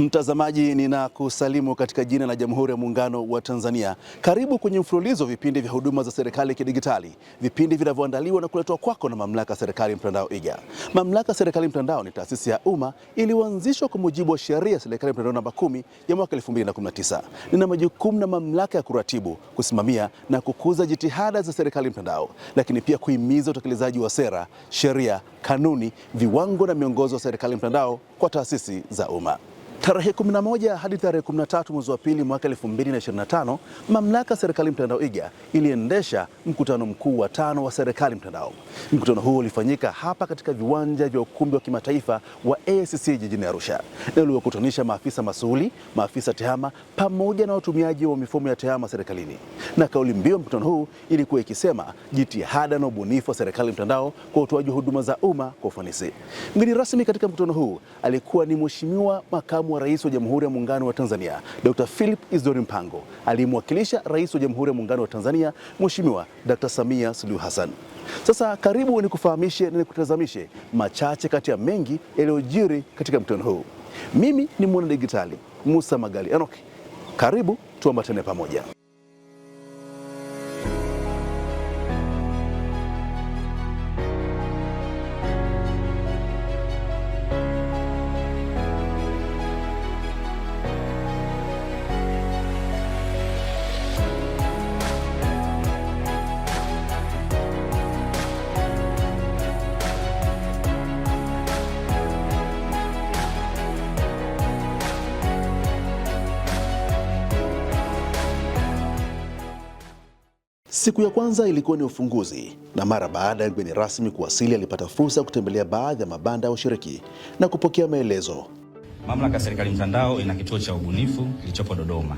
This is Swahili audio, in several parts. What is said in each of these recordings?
Mtazamaji, ninakusalimu katika jina la Jamhuri ya Muungano wa Tanzania. Karibu kwenye mfululizo vipindi vya huduma za serikali kidigitali, vipindi vinavyoandaliwa na kuletwa kwako na Mamlaka ya Serikali Mtandao iga Mamlaka ya Serikali Mtandao ni taasisi ya umma iliyoanzishwa kwa mujibu wa sheria ya serikali mtandao namba 10 ya mwaka 2019. Nina majukumu na mamlaka ya kuratibu, kusimamia na kukuza jitihada za serikali mtandao, lakini pia kuhimiza utekelezaji wa sera, sheria, kanuni, viwango na miongozo ya serikali mtandao kwa taasisi za umma. Tarehe 11 hadi tarehe 13 mwezi wa pili mwaka 2025, mamlaka ya serikali mtandao iga iliendesha mkutano mkuu wa tano wa serikali mtandao. Mkutano huu ulifanyika hapa katika viwanja vya ukumbi wa kimataifa wa ASC jijini Arusha na uliokutanisha maafisa masuhuli maafisa tehama pamoja na watumiaji wa mifumo ya tehama serikalini, na kauli mbiu mkutano huu ilikuwa ikisema jitihada na ubunifu wa serikali mtandao kwa utoaji huduma za umma kwa ufanisi. Mgeni rasmi katika mkutano huu alikuwa ni Mheshimiwa makamu makamu wa rais wa Jamhuri ya Muungano wa Tanzania Dr. Philip Isdori Mpango alimwakilisha rais wa Jamhuri ya Muungano wa Tanzania Mheshimiwa Dr. Samia Suluhu Hassan. Sasa karibu nikufahamishe na nikutazamishe machache kati ya mengi yaliyojiri katika mkutano huu. Mimi ni mwana digitali Musa Magali Anoki, karibu tuambatane pamoja. Siku ya kwanza ilikuwa ni ufunguzi, na mara baada ya mgeni rasmi kuwasili alipata fursa ya kutembelea baadhi ya mabanda ya ushiriki na kupokea maelezo. Mamlaka ya Serikali Mtandao ina kituo cha ubunifu kilichopo Dodoma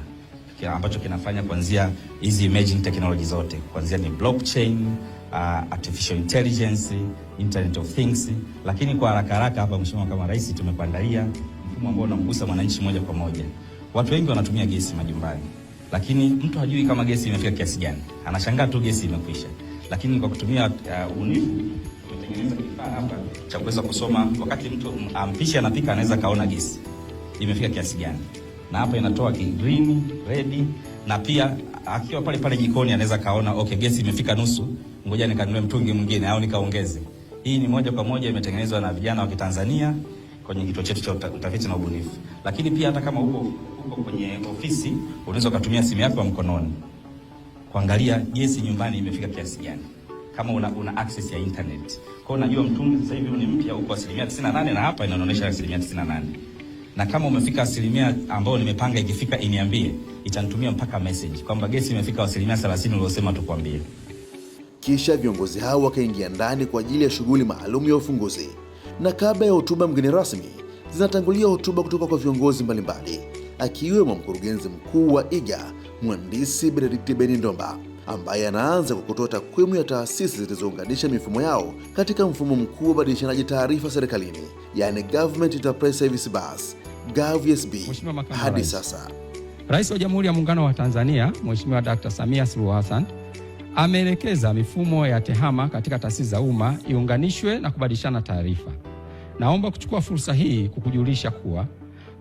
ambacho kinafanya kuanzia hizi emerging technology zote kuanzia ni blockchain, uh, artificial intelligence, internet of things. Lakini kwa haraka haraka hapa, Mheshimiwa Makamu wa Rais, tumekuandalia mfumo ambao unamgusa mwananchi moja kwa moja. Watu wengi wanatumia gesi majumbani lakini mtu hajui kama gesi imefika kiasi gani, anashangaa tu gesi imekwisha. Lakini kwa kutumia uh, unifu tumetengeneza kifaa hapa cha kuweza kusoma wakati mtu ampishi um, um, anapika, anaweza kaona gesi imefika kiasi gani, na hapa inatoa green, red, na pia akiwa pale pale jikoni anaweza kaona okay, gesi imefika nusu, ngoja nikanunue mtungi mwingine au nikaongeze. Hii ni moja kwa moja imetengenezwa na vijana wa Kitanzania kwenye kituo chetu cha utafiti na ubunifu. Lakini pia hata kama uko uko kwenye ofisi, unaweza ukatumia simu yako ya mkononi kuangalia gesi nyumbani imefika kiasi gani, kama una, una access ya internet. Kwa unajua mtungi sasa hivi ni mpya uko asilimia 98 na hapa inaonyesha asilimia 98 na kama umefika asilimia ambayo nimepanga ikifika iniambie, itanitumia mpaka message kwamba gesi imefika asilimia 30 uliosema tukwambie. Kisha viongozi hao wakaingia ndani kwa ajili ya shughuli maalum ya ufunguzi na kabla ya hotuba mgeni rasmi zinatangulia hotuba kutoka kwa viongozi mbalimbali akiwemo mkurugenzi mkuu wa IGA mhandisi Benedict Beni Ndomba ambaye anaanza kwa kutoa takwimu ya taasisi zilizounganisha mifumo yao katika mfumo mkuu wa ubadilishanaji taarifa serikalini, yani Government Enterprise Service Bus gavsb Hadi sasa Rais wa Jamhuri ya Muungano wa Tanzania Mheshimiwa Dr. Samia Suluhu Hassan ameelekeza mifumo ya TEHAMA katika taasisi za umma iunganishwe na kubadilishana taarifa. Naomba kuchukua fursa hii kukujulisha kuwa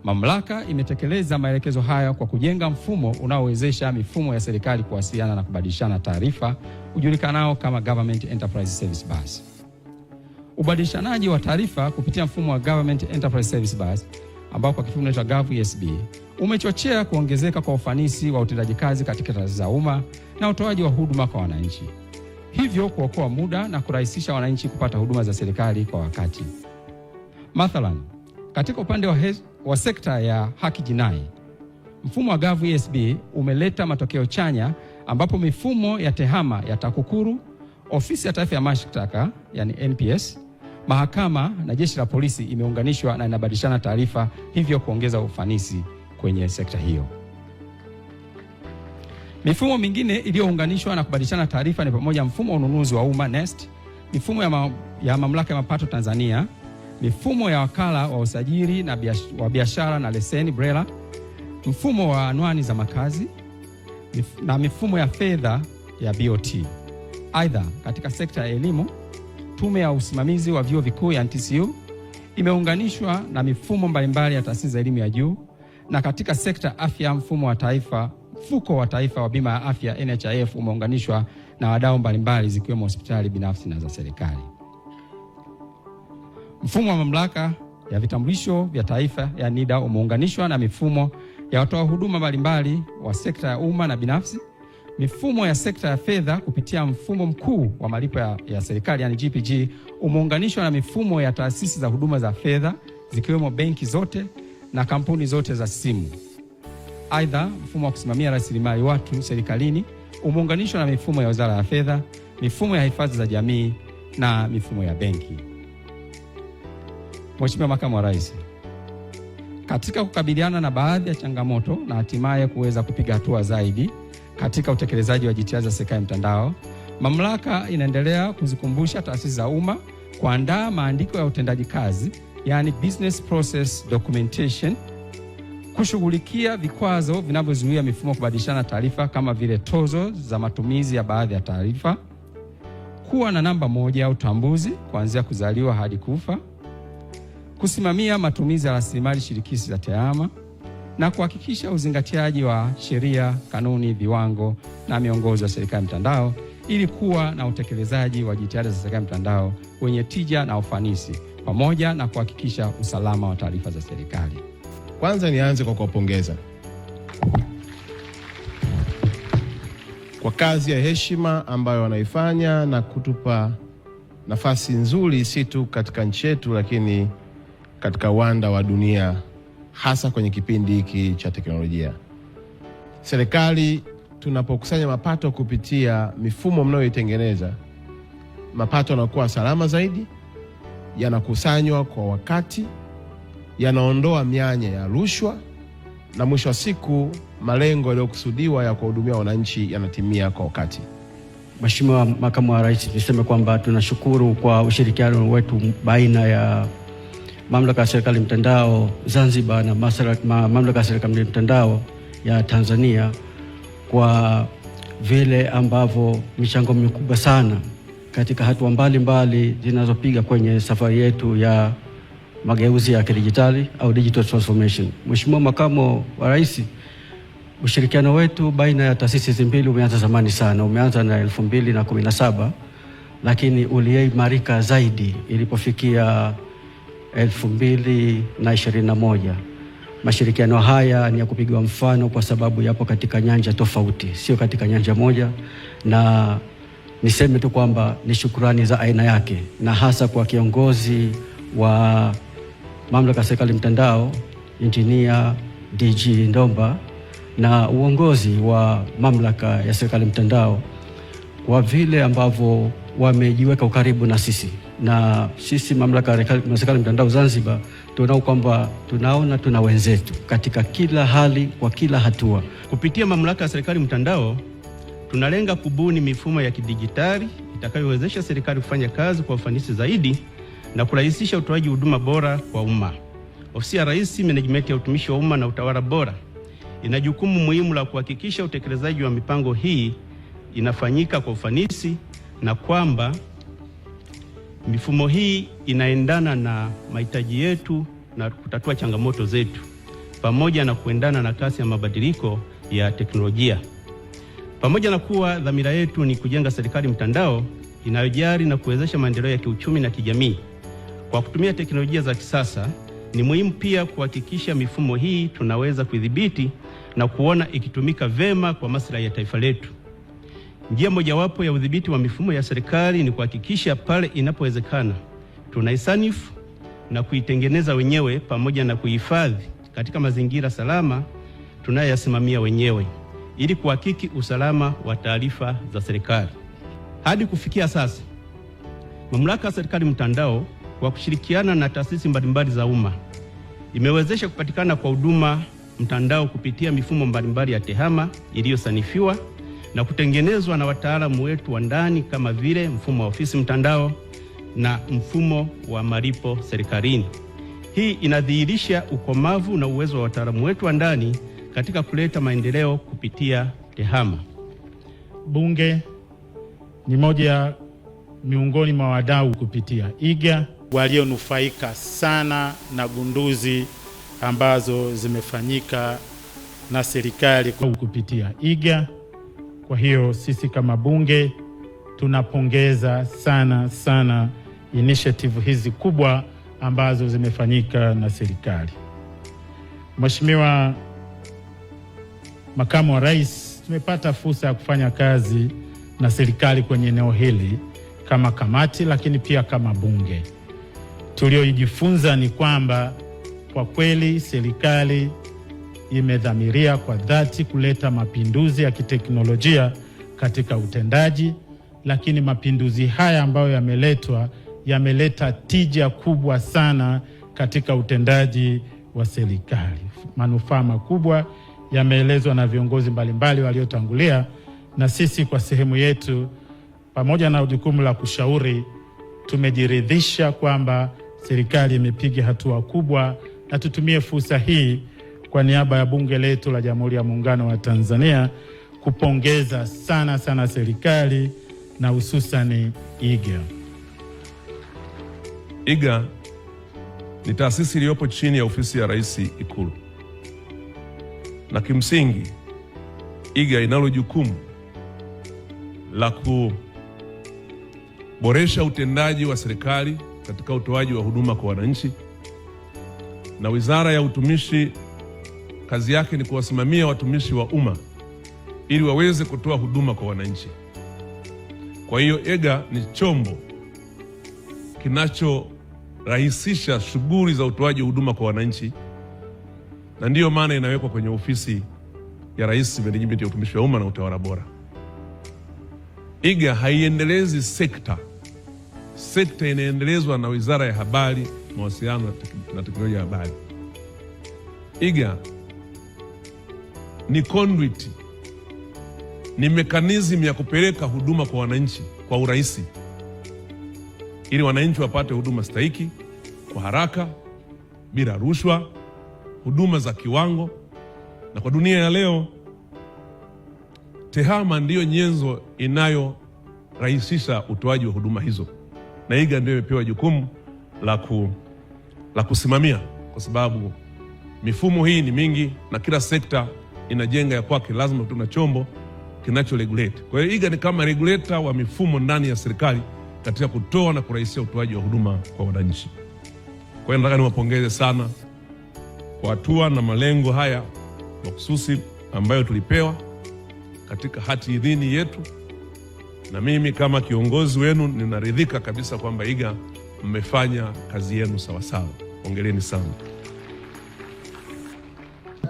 mamlaka imetekeleza maelekezo haya kwa kujenga mfumo unaowezesha mifumo ya serikali kuwasiliana na kubadilishana taarifa ujulikanao kama Government Enterprise Service Bus. Ubadilishanaji wa taarifa kupitia mfumo wa Government Enterprise Service Bus ambao kwa kifupi unaitwa GovESB umechochea kuongezeka kwa ufanisi wa utendaji kazi katika taasisi za umma na utoaji wa huduma kwa wananchi, hivyo kuokoa muda na kurahisisha wananchi kupata huduma za serikali kwa wakati. Mathalan, katika upande wa, wa sekta ya haki jinai, mfumo wa GovESB umeleta matokeo chanya ambapo mifumo ya TEHAMA ya TAKUKURU, ofisi ya taifa ya mashtaka yani NPS, mahakama na jeshi la polisi imeunganishwa na inabadilishana taarifa, hivyo kuongeza ufanisi kwenye sekta hiyo. Mifumo mingine iliyounganishwa na kubadilishana taarifa ni pamoja mfumo wa ununuzi wa umma NeST, mifumo ya, ma, ya mamlaka ya mapato Tanzania mifumo ya wakala wa usajili na biash, wa biashara na leseni BRELA, mfumo wa anwani za makazi mif, na mifumo ya fedha ya BOT. Aidha, katika sekta ya elimu, tume ya usimamizi wa vyuo vikuu ya NTCU imeunganishwa na mifumo mbalimbali ya taasisi za elimu ya juu, na katika sekta afya, mfumo wa taifa mfuko wa taifa wa bima ya afya NHIF umeunganishwa na wadau mbalimbali zikiwemo hospitali binafsi na za serikali. Mfumo wa mamlaka ya vitambulisho vya taifa ya NIDA umeunganishwa na mifumo ya watoa huduma mbalimbali wa sekta ya umma na binafsi, mifumo ya sekta ya fedha kupitia mfumo mkuu wa malipo ya, ya serikali yani GPG umeunganishwa na mifumo ya taasisi za huduma za fedha zikiwemo benki zote na kampuni zote za simu. Aidha, mfumo wa kusimamia rasilimali watu serikalini umeunganishwa na mifumo ya Wizara ya Fedha, mifumo ya hifadhi za jamii na mifumo ya benki. Mheshimiwa Makamu wa Rais, katika kukabiliana na baadhi ya changamoto na hatimaye kuweza kupiga hatua zaidi katika utekelezaji wa jitihada za serikali mtandao, mamlaka inaendelea kuzikumbusha taasisi za umma kuandaa maandiko ya utendaji kazi, yani business process documentation, kushughulikia vikwazo vinavyozuia mifumo kubadilishana taarifa kama vile tozo za matumizi ya baadhi ya taarifa, kuwa na namba moja ya utambuzi kuanzia kuzaliwa hadi kufa kusimamia matumizi ya rasilimali shirikishi za TEHAMA na kuhakikisha uzingatiaji wa sheria, kanuni, viwango na miongozo ya serikali mtandao ili kuwa na utekelezaji wa jitihada za serikali mtandao wenye tija na ufanisi pamoja na kuhakikisha usalama wa taarifa za serikali. Kwanza nianze kwa kuwapongeza kwa kazi ya heshima ambayo wanaifanya na kutupa nafasi nzuri si tu katika nchi yetu lakini katika uwanda wa dunia, hasa kwenye kipindi hiki cha teknolojia. Serikali tunapokusanya mapato kupitia mifumo mnayoitengeneza, mapato yanakuwa salama zaidi, yanakusanywa kwa wakati, yanaondoa mianya ya rushwa, na mwisho wa siku malengo yaliyokusudiwa ya kuwahudumia wananchi yanatimia kwa wakati. Mheshimiwa Makamu wa Rais, niseme kwamba tunashukuru kwa ushirikiano wetu baina ya mamlaka ya serikali mtandao Zanzibar na mamlaka ya serikali mtandao ya Tanzania kwa vile ambavyo michango mikubwa sana katika hatua mbalimbali zinazopiga kwenye safari yetu ya mageuzi ya kidijitali au digital transformation. Mheshimiwa Makamo wa Rais, ushirikiano wetu baina ya taasisi hizi mbili umeanza zamani sana, umeanza na elfu mbili na kumi na saba lakini uliimarika zaidi ilipofikia 2021. Mashirikiano haya ni ya kupigwa mfano kwa sababu yapo katika nyanja tofauti, sio katika nyanja moja, na niseme tu kwamba ni shukrani za aina yake, na hasa kwa kiongozi wa mamlaka ya serikali mtandao Injinia DG Ndomba na uongozi wa mamlaka ya serikali mtandao kwa vile ambavyo wamejiweka ukaribu na sisi na sisi mamlaka ya serikali mtandao Zanzibar tunao kwamba tunaona tuna wenzetu katika kila hali, kwa kila hatua. Kupitia mamlaka ya serikali mtandao, tunalenga kubuni mifumo ya kidijitali itakayowezesha serikali kufanya kazi kwa ufanisi zaidi na kurahisisha utoaji huduma bora kwa umma. Ofisi ya Rais Menejimenti ya Utumishi wa Umma na Utawala Bora ina jukumu muhimu la kuhakikisha utekelezaji wa mipango hii inafanyika kwa ufanisi na kwamba Mifumo hii inaendana na mahitaji yetu na kutatua changamoto zetu pamoja na kuendana na kasi ya mabadiliko ya teknolojia. Pamoja na kuwa dhamira yetu ni kujenga serikali mtandao inayojali na kuwezesha maendeleo ya kiuchumi na kijamii kwa kutumia teknolojia za kisasa, ni muhimu pia kuhakikisha mifumo hii tunaweza kuidhibiti na kuona ikitumika vema kwa maslahi ya taifa letu. Njia mojawapo ya udhibiti wa mifumo ya serikali ni kuhakikisha pale inapowezekana tunaisanifu na kuitengeneza wenyewe pamoja na kuhifadhi katika mazingira salama tunayoyasimamia wenyewe ili kuhakiki usalama wa taarifa za serikali. Hadi kufikia sasa, Mamlaka ya Serikali Mtandao kwa kushirikiana na taasisi mbalimbali za umma imewezesha kupatikana kwa huduma mtandao kupitia mifumo mbalimbali ya TEHAMA iliyosanifiwa na kutengenezwa na wataalamu wetu wa ndani kama vile mfumo wa ofisi mtandao na mfumo wa malipo serikalini. Hii inadhihirisha ukomavu na uwezo wa wataalamu wetu wa ndani katika kuleta maendeleo kupitia TEHAMA. Bunge ni moja ya miongoni mwa wadau kupitia iga walionufaika sana na gunduzi ambazo zimefanyika na serikali kupitia iga. Kwa hiyo sisi kama bunge tunapongeza sana sana initiative hizi kubwa ambazo zimefanyika na serikali. Mheshimiwa Makamu wa Rais, tumepata fursa ya kufanya kazi na serikali kwenye eneo hili kama kamati, lakini pia kama bunge. Tuliojifunza ni kwamba kwa kweli serikali imedhamiria kwa dhati kuleta mapinduzi ya kiteknolojia katika utendaji, lakini mapinduzi haya ambayo yameletwa yameleta tija kubwa sana katika utendaji wa serikali. Manufaa makubwa yameelezwa na viongozi mbalimbali waliotangulia, na sisi kwa sehemu yetu, pamoja na jukumu la kushauri, tumejiridhisha kwamba serikali imepiga hatua kubwa, na tutumie fursa hii kwa niaba ya bunge letu la Jamhuri ya Muungano wa Tanzania kupongeza sana sana serikali na hususani IGA. IGA ni taasisi iliyopo chini ya ofisi ya Rais Ikulu, na kimsingi IGA inalo jukumu la kuboresha utendaji wa serikali katika utoaji wa huduma kwa wananchi, na Wizara ya Utumishi kazi yake ni kuwasimamia watumishi wa umma ili waweze kutoa huduma kwa wananchi. Kwa hiyo EGA ni chombo kinachorahisisha shughuli za utoaji huduma kwa wananchi, na ndiyo maana inawekwa kwenye ofisi ya Rais, Menejimenti ya Utumishi wa Umma na Utawala Bora. EGA haiendelezi sekta, sekta inaendelezwa na Wizara ya Habari, Mawasiliano na Teknolojia ya Habari. EGA ni conduit, ni mekanizmu ya kupeleka huduma kwa wananchi kwa urahisi, ili wananchi wapate huduma stahiki kwa haraka, bila rushwa, huduma za kiwango. Na kwa dunia ya leo, tehama ndiyo nyenzo inayorahisisha utoaji wa huduma hizo, na iga ndio imepewa jukumu la ku la kusimamia, kwa sababu mifumo hii ni mingi na kila sekta inajenga ya kwake, lazima tuna chombo kinacho regulate. Kwa hiyo, iga ni kama regulator wa mifumo ndani ya serikali katika kutoa na kurahisisha utoaji wa huduma kwa wananchi. Kwa hiyo, nataka niwapongeze sana kwa hatua na malengo haya mahususi ambayo tulipewa katika hati idhini yetu, na mimi kama kiongozi wenu ninaridhika kabisa kwamba iga mmefanya kazi yenu sawasawa. Hongereni sana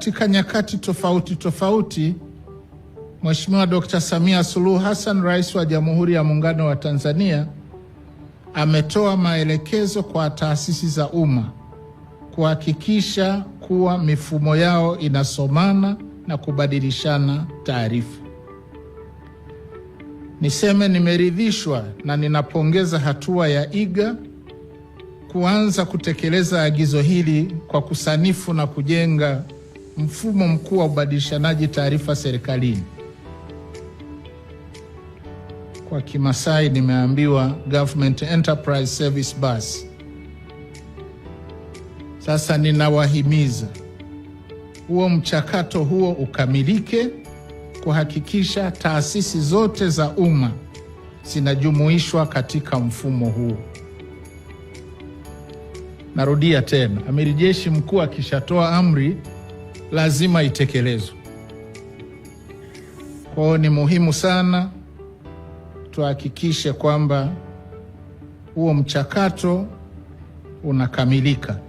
katika nyakati tofauti tofauti, Mheshimiwa Dr. Samia Suluhu Hassan, Rais wa Jamhuri ya Muungano wa Tanzania, ametoa maelekezo kwa taasisi za umma kuhakikisha kuwa mifumo yao inasomana na kubadilishana taarifa. Niseme nimeridhishwa na ninapongeza hatua ya IGA kuanza kutekeleza agizo hili kwa kusanifu na kujenga mfumo mkuu wa ubadilishanaji taarifa serikalini, kwa Kimasai nimeambiwa Government Enterprise Service Bus. Sasa ninawahimiza huo mchakato huo ukamilike kuhakikisha taasisi zote za umma zinajumuishwa katika mfumo huo. Narudia tena, amiri jeshi mkuu akishatoa amri lazima itekelezwe. Kwa ni muhimu sana tuhakikishe kwamba huo mchakato unakamilika.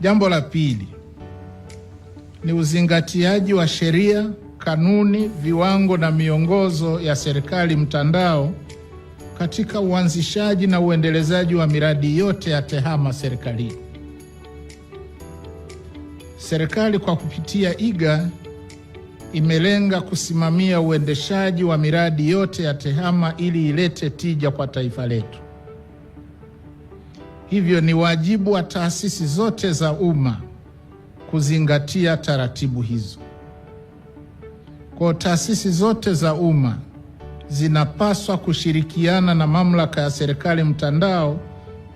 Jambo la pili ni uzingatiaji wa sheria, kanuni, viwango na miongozo ya serikali mtandao katika uanzishaji na uendelezaji wa miradi yote ya TEHAMA serikalini. Serikali kwa kupitia IGA imelenga kusimamia uendeshaji wa miradi yote ya TEHAMA ili ilete tija kwa taifa letu. Hivyo ni wajibu wa taasisi zote za umma kuzingatia taratibu hizo. Kwa taasisi zote za umma zinapaswa kushirikiana na mamlaka ya serikali mtandao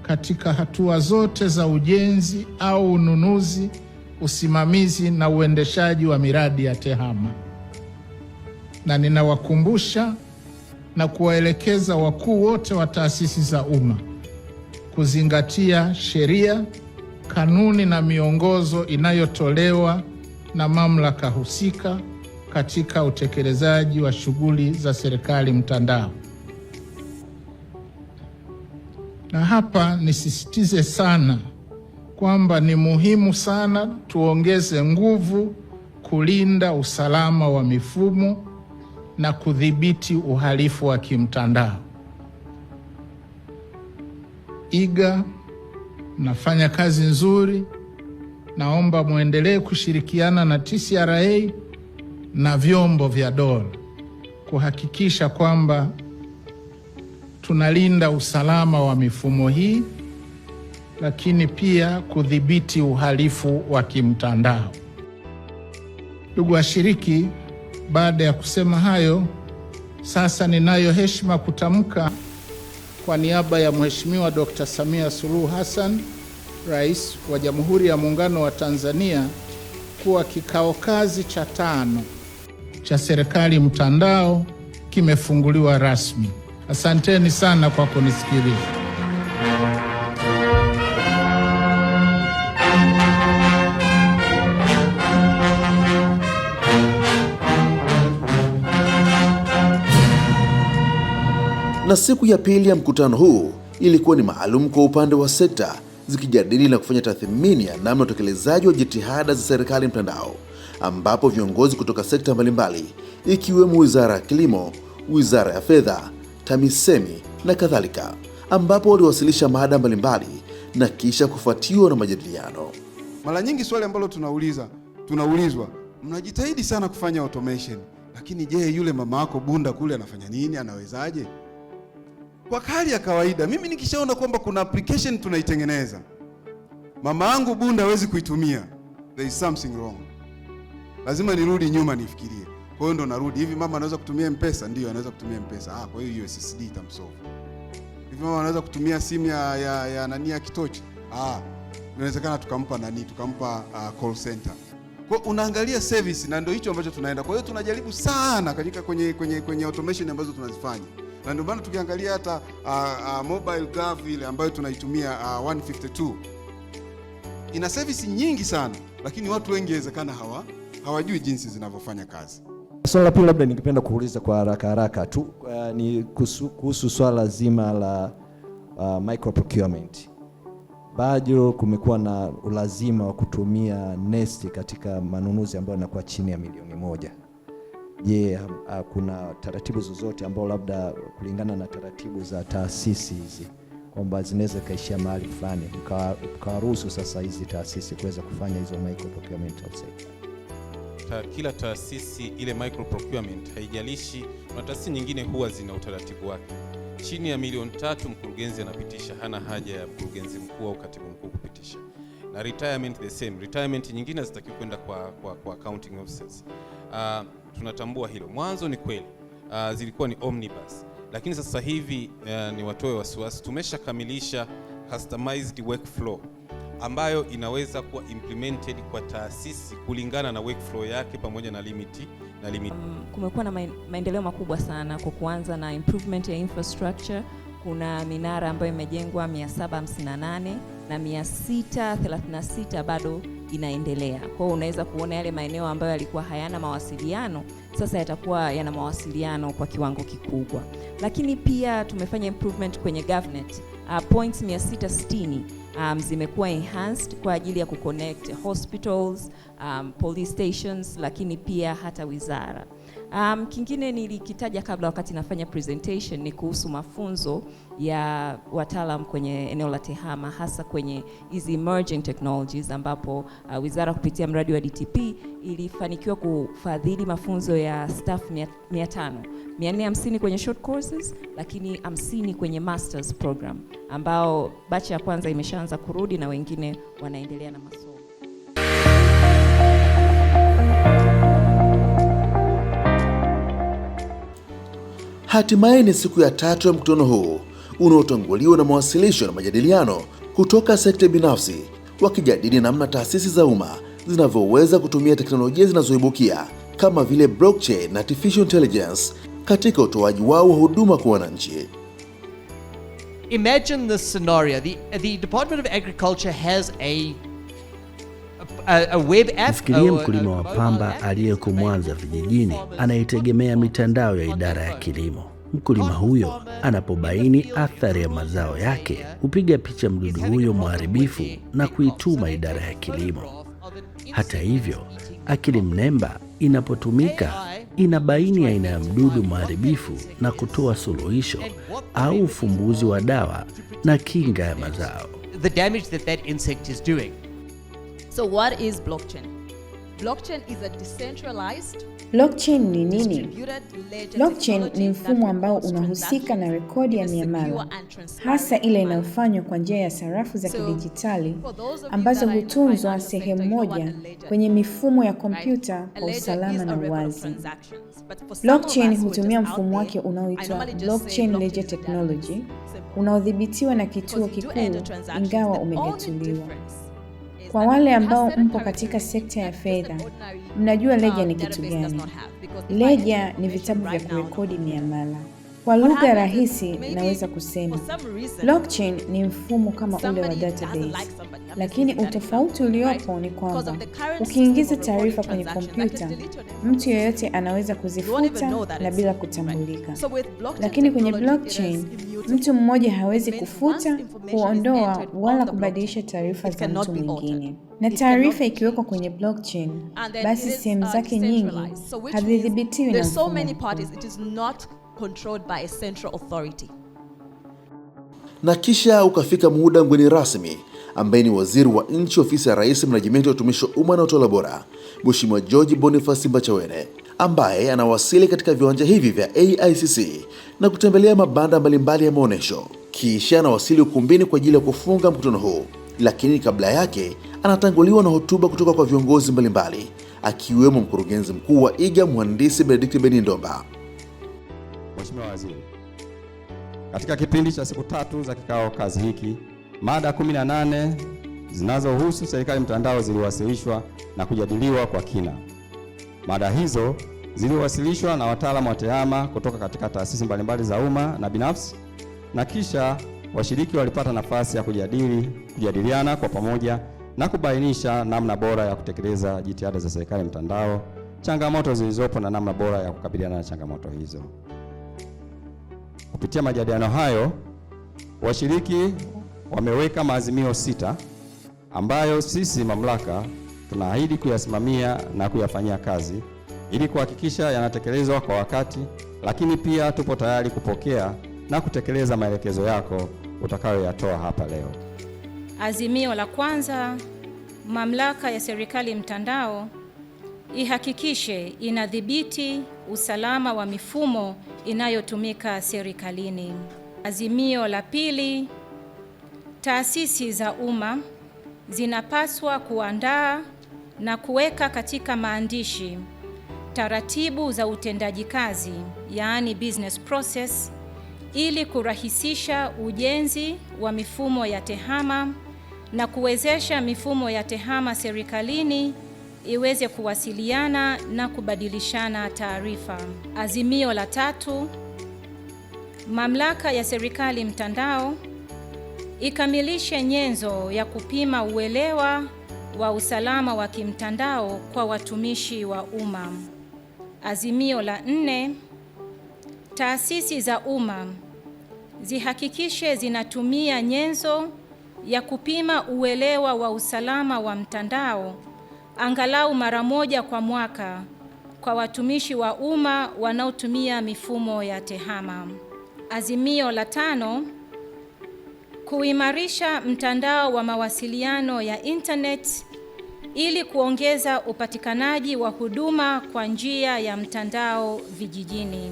katika hatua zote za ujenzi au ununuzi usimamizi na uendeshaji wa miradi ya TEHAMA, na ninawakumbusha na kuwaelekeza wakuu wote wa taasisi za umma kuzingatia sheria, kanuni na miongozo inayotolewa na mamlaka husika katika utekelezaji wa shughuli za serikali mtandao. Na hapa nisisitize sana kwamba ni muhimu sana tuongeze nguvu kulinda usalama wa mifumo na kudhibiti uhalifu wa kimtandao. IGA nafanya kazi nzuri, naomba mwendelee kushirikiana na TCRA na vyombo vya dola kuhakikisha kwamba tunalinda usalama wa mifumo hii lakini pia kudhibiti uhalifu wa kimtandao. Ndugu washiriki, baada ya kusema hayo, sasa ninayo heshima kutamka kwa niaba ya Mheshimiwa Dkt. Samia Suluhu Hassan, Rais wa Jamhuri ya Muungano wa Tanzania, kuwa kikao kazi cha tano cha serikali mtandao kimefunguliwa rasmi. Asanteni sana kwa kunisikiliza. Na siku ya pili ya mkutano huu ilikuwa ni maalum kwa upande wa sekta zikijadili na kufanya tathmini ya namna utekelezaji wa jitihada za serikali mtandao, ambapo viongozi kutoka sekta mbalimbali ikiwemo Wizara ya Kilimo, Wizara ya Fedha, TAMISEMI na kadhalika, ambapo waliwasilisha mada mbalimbali na kisha kufuatiwa na majadiliano. Mara nyingi swali ambalo tunauliza tunaulizwa, mnajitahidi sana kufanya automation, lakini je, yule mama wako bunda kule anafanya nini? Anawezaje? Kwa hali ya kawaida, mimi nikishaona kwamba kuna application tunaitengeneza, mama yangu bunda hawezi kuitumia, there is something wrong, lazima nirudi nyuma nifikirie. Kwa hiyo ndo narudi hivi, mama anaweza kutumia Mpesa? Ndio, anaweza kutumia Mpesa. Ah, kwa hiyo USSD itamsolve hivi. Mama anaweza kutumia simu ya, ya, ya nani ya kitochi? Ah, inawezekana tukampa nani, tukampa uh, call center. Kwa unaangalia service na ndio hicho ambacho tunaenda. Kwa hiyo tunajaribu sana katika kwenye, kwenye, kwenye automation ambazo tunazifanya na ndio maana tukiangalia hata uh, uh, mobile gov ile ambayo tunaitumia uh, 152 ina service nyingi sana, lakini watu wengi wezekana hawa hawajui jinsi zinavyofanya kazi. Swala la pili labda ningependa kuuliza kwa haraka haraka tu uh, ni kuhusu swala zima la uh, micro procurement bado kumekuwa na ulazima wa kutumia NeST katika manunuzi ambayo yanakuwa chini ya milioni moja. Je, yeah, kuna taratibu zozote ambao labda kulingana na taratibu za taasisi hizi kwamba zinaweza ikaishia mahali fulani mkawaruhusu sasa hizi taasisi kuweza kufanya hizo micro procurement outside? Ta, kila taasisi ile micro procurement haijalishi, na taasisi nyingine huwa zina utaratibu wake. Chini ya milioni tatu mkurugenzi anapitisha, hana haja ya mkurugenzi mkuu au katibu mkuu kupitisha na retirement the same. Retirement nyingine hazitakiwi kwenda kwa, kwa, kwa accounting offices Uh, tunatambua hilo. Mwanzo ni kweli uh, zilikuwa ni omnibus, lakini sasa hivi uh, ni watoe wasiwasi, tumeshakamilisha customized workflow ambayo inaweza kuwa implemented kwa taasisi kulingana na workflow yake pamoja na limiti na limiti. Um, mm, kumekuwa na maendeleo makubwa sana kwa kuanza na improvement ya infrastructure. Kuna minara ambayo imejengwa 758 na 636 bado inaendelea. Kwa hiyo unaweza kuona yale maeneo ambayo yalikuwa hayana mawasiliano sasa yatakuwa yana mawasiliano kwa kiwango kikubwa. Lakini pia tumefanya improvement kwenye GovNet. Uh, points 660 um, zimekuwa enhanced kwa ajili ya kuconnect hospitals, um, police stations lakini pia hata wizara Um, kingine nilikitaja kabla wakati nafanya presentation ni kuhusu mafunzo ya wataalam kwenye eneo la tehama hasa kwenye hizi emerging technologies ambapo uh, wizara kupitia mradi wa DTP ilifanikiwa kufadhili mafunzo ya staff 500 450 kwenye short courses, lakini 50 kwenye masters program ambao bacha ya kwanza imeshaanza kurudi na wengine wanaendelea na masomo. Hatimaye ni siku ya tatu ya mkutano huu unaotanguliwa na mawasilisho na majadiliano kutoka sekta binafsi, wakijadili namna taasisi za umma zinavyoweza kutumia teknolojia zinazoibukia kama vile blockchain na artificial intelligence katika utoaji wao wa huduma kwa wananchi. Imagine this scenario. The, the Department of Agriculture has a Mfikirie mkulima wa pamba aliyeko Mwanza vijijini anayetegemea mitandao ya idara ya kilimo. Mkulima huyo anapobaini athari ya mazao yake hupiga picha mdudu huyo mharibifu na kuituma idara ya kilimo. Hata hivyo, akili mnemba inapotumika inabaini aina ya mdudu mharibifu na kutoa suluhisho au ufumbuzi wa dawa na kinga ya mazao. The damage that that insect is doing. So what is blockchain? Blockchain is a decentralized Blockchain ni nini? Blockchain ni mfumo ambao unahusika na rekodi ya miamala, hasa ile inayofanywa kwa njia ya sarafu za kidijitali ambazo hutunzwa sehemu moja kwenye mifumo ya kompyuta kwa usalama na uwazi. Blockchain hutumia mfumo wake unaoitwa blockchain ledger technology unaodhibitiwa na kituo kikuu, ingawa umegatuliwa. Kwa wale ambao mpo katika sekta ya fedha, mnajua leja um, ni kitu gani? Leja ni vitabu vya kurekodi miamala. Kwa lugha rahisi, naweza kusema blockchain ni mfumo kama ule wa database, lakini utofauti uliopo ni kwamba ukiingiza taarifa kwenye kompyuta, mtu yeyote anaweza kuzifuta na bila kutambulika. Lakini kwenye blockchain, mtu mmoja hawezi kufuta, kuondoa wala kubadilisha taarifa za mtu mwingine. Na taarifa ikiwekwa kwenye blockchain, basi sehemu uh, zake nyingi hazidhibitiwi na mfumo controlled by a central authority. Na kisha ukafika muda mgeni rasmi ambaye ni waziri wa nchi ofisi ya rais mnajimenti wa utumishi wa umma na utawala bora, Mheshimiwa George Boniface Mbachawene ambaye anawasili katika viwanja hivi vya AICC na kutembelea mabanda mbalimbali ya maonyesho, kisha anawasili ukumbini kwa ajili ya kufunga mkutano huu. Lakini kabla yake anatanguliwa na hotuba kutoka kwa viongozi mbalimbali, akiwemo mkurugenzi mkuu wa IGA mhandisi Benedikti Beni Ndomba. Mheshimiwa Waziri, katika kipindi cha siku tatu za kikao kazi hiki, mada 18 zinazohusu serikali mtandao ziliwasilishwa na kujadiliwa kwa kina. Mada hizo ziliwasilishwa na wataalamu wa TEHAMA kutoka katika taasisi mbalimbali za umma na binafsi, na kisha washiriki walipata nafasi ya kujadili, kujadiliana kwa pamoja na kubainisha namna bora ya kutekeleza jitihada za serikali mtandao, changamoto zilizopo na namna bora ya kukabiliana na changamoto hizo. Kupitia majadiliano hayo, washiriki wameweka maazimio sita ambayo sisi mamlaka tunaahidi kuyasimamia na kuyafanyia kazi ili kuhakikisha yanatekelezwa kwa wakati, lakini pia tupo tayari kupokea na kutekeleza maelekezo yako utakayoyatoa hapa leo. Azimio la kwanza, mamlaka ya serikali mtandao ihakikishe inadhibiti usalama wa mifumo inayotumika serikalini. Azimio la pili, taasisi za umma zinapaswa kuandaa na kuweka katika maandishi taratibu za utendaji kazi, yaani business process, ili kurahisisha ujenzi wa mifumo ya tehama na kuwezesha mifumo ya tehama serikalini iweze kuwasiliana na kubadilishana taarifa. Azimio la tatu, mamlaka ya serikali mtandao ikamilishe nyenzo ya kupima uelewa wa usalama wa kimtandao kwa watumishi wa umma. Azimio la nne, taasisi za umma zihakikishe zinatumia nyenzo ya kupima uelewa wa usalama wa mtandao angalau mara moja kwa mwaka kwa watumishi wa umma wanaotumia mifumo ya TEHAMA. Azimio la tano, kuimarisha mtandao wa mawasiliano ya internet ili kuongeza upatikanaji wa huduma kwa njia ya mtandao vijijini.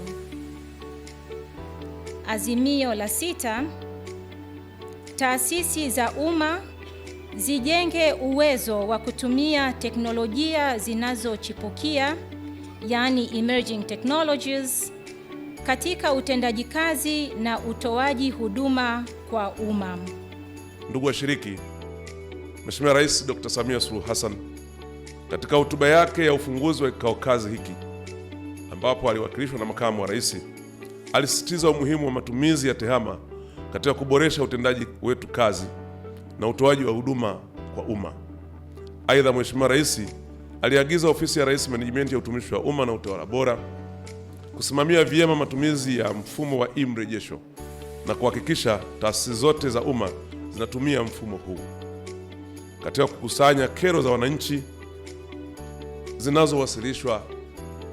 Azimio la sita, taasisi za umma zijenge uwezo wa kutumia teknolojia zinazochipukia yani emerging technologies katika utendaji kazi na utoaji huduma kwa umma. Ndugu washiriki, Mheshimiwa Rais Dr. Samia Suluhu Hassan katika hotuba yake ya ufunguzi wa kikao kazi hiki ambapo aliwakilishwa na makamu wa rais, alisisitiza umuhimu wa matumizi ya TEHAMA katika kuboresha utendaji wetu kazi na utoaji wa huduma kwa umma. Aidha, Mheshimiwa Rais aliagiza ofisi ya Rais Menejimenti ya utumishi wa umma na utawala bora kusimamia vyema matumizi ya mfumo wa e-mrejesho na kuhakikisha taasisi zote za umma zinatumia mfumo huu katika kukusanya kero za wananchi zinazowasilishwa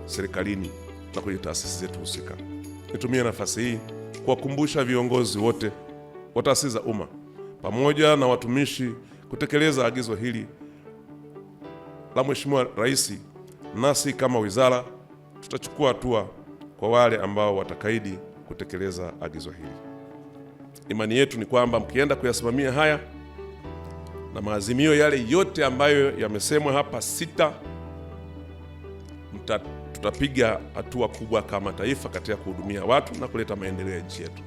serikalini na kwenye taasisi zetu husika. Nitumie nafasi hii kuwakumbusha viongozi wote wa taasisi za umma pamoja na watumishi kutekeleza agizo hili la Mheshimiwa Rais, nasi kama wizara tutachukua hatua kwa wale ambao watakaidi kutekeleza agizo hili. Imani yetu ni kwamba mkienda kuyasimamia haya na maazimio yale yote ambayo yamesemwa hapa sita, mta, tutapiga hatua kubwa kama taifa katika kuhudumia watu na kuleta maendeleo ya nchi yetu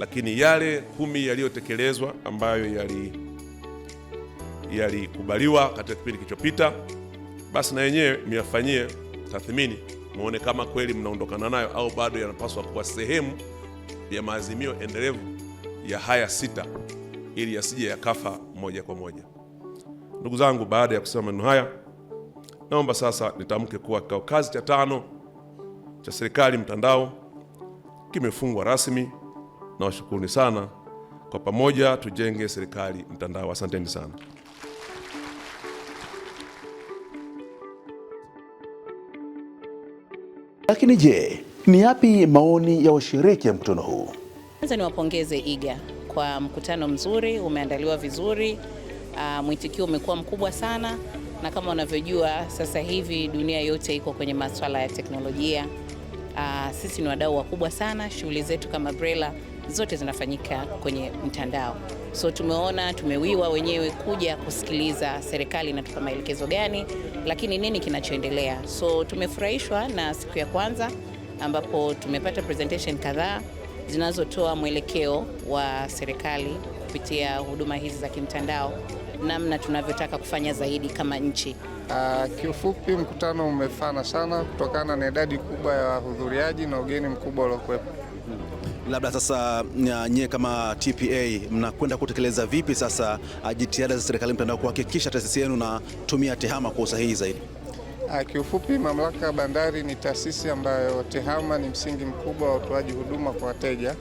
lakini yale kumi yaliyotekelezwa ambayo yali yalikubaliwa katika kipindi kilichopita, basi na yenyewe myafanyie tathmini, muone kama kweli mnaondokana nayo au bado yanapaswa kuwa sehemu ya maazimio endelevu ya haya sita, ili yasije yakafa moja kwa moja. Ndugu zangu, baada ya kusema maneno haya, naomba sasa nitamke kuwa kikao kazi cha tano cha serikali mtandao kimefungwa rasmi. Nawashukuruni sana, kwa pamoja tujenge serikali mtandao. Asanteni sana. Lakini je, ni yapi maoni ya washiriki ya mkutano huu? Kwanza niwapongeze IGA kwa mkutano mzuri, umeandaliwa vizuri. Uh, mwitikio umekuwa mkubwa sana, na kama unavyojua sasa hivi dunia yote iko kwenye masuala ya teknolojia. Uh, sisi ni wadau wakubwa sana, shughuli zetu kama BRELA zote zinafanyika kwenye mtandao. So tumeona tumewiwa wenyewe kuja kusikiliza serikali inatupa maelekezo gani, lakini nini kinachoendelea. So tumefurahishwa na siku ya kwanza ambapo tumepata presentation kadhaa zinazotoa mwelekeo wa serikali kupitia huduma hizi za kimtandao, namna tunavyotaka kufanya zaidi kama nchi. Uh, kiufupi mkutano umefana sana kutokana na idadi kubwa ya wahudhuriaji na ugeni mkubwa uliokuwepo. Labda sasa uh, nyewe kama TPA mnakwenda kutekeleza vipi sasa uh, jitihada za serikali mtandao kuhakikisha taasisi yenu natumia TEHAMA kwa usahihi zaidi? Ah, kiufupi, mamlaka ya bandari ni taasisi ambayo TEHAMA ni msingi mkubwa wa utoaji huduma kwa wateja,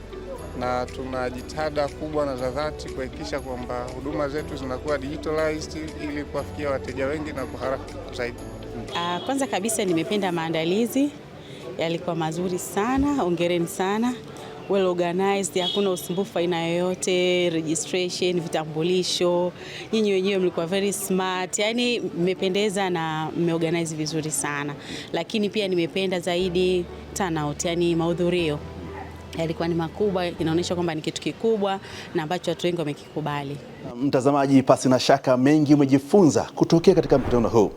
na tuna jitihada kubwa na za dhati kuhakikisha kwamba huduma zetu zinakuwa digitalized ili kuwafikia wateja wengi na kwa haraka zaidi. Ah, kwanza kabisa nimependa maandalizi, yalikuwa mazuri sana. ongereni sana well organized, hakuna usumbufu aina yoyote, registration, vitambulisho. Nyinyi wenyewe mlikuwa very smart, yani mmependeza na mmeorganize vizuri sana, lakini pia nimependa zaidi turnout, yani mahudhurio yalikuwa ni makubwa, inaonyesha kwamba ni kitu kikubwa na ambacho watu wengi wamekikubali. Mtazamaji, pasi na shaka mengi umejifunza kutokea katika mkutano huu.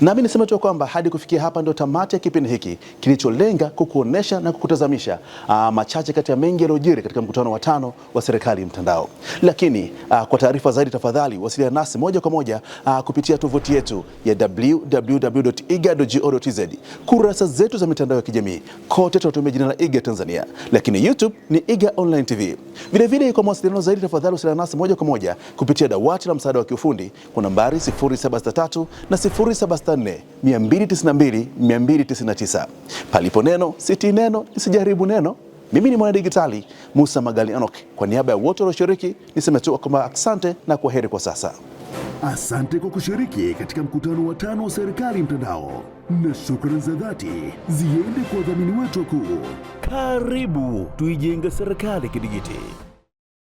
Nami niseme tu kwamba hadi kufikia hapa ndio tamati ya kipindi hiki kilicholenga kukuonesha na kukutazamisha aa, ah, machache kati ya mengi yaliyojiri katika mkutano wa tano wa serikali mtandao. Lakini aa, ah, kwa taarifa zaidi tafadhali wasiliana nasi moja kwa moja aa, ah, kupitia tovuti yetu ya www.iga.go.tz, kurasa zetu za mitandao ya kijamii kote tunatumia jina la Iga Tanzania, lakini YouTube ni Iga Online TV. Vilevile kwa mawasiliano zaidi tafadhali wasiliana nasi moja kwa moja kupitia dawati la msaada wa kiufundi kwa nambari 0763 na 0 0764 292 299. Palipo neno siti neno nisijaribu neno. Mimi ni mwanadigitali Musa Magali Anok, kwa niaba ya wote walioshiriki niseme tu kwamba asante na kwa heri kwa sasa. Asante kwa kushiriki katika mkutano wa tano wa serikali mtandao, na shukrani za dhati ziende kwa wadhamini wetu wakuu. Karibu tuijenge serikali kidigiti.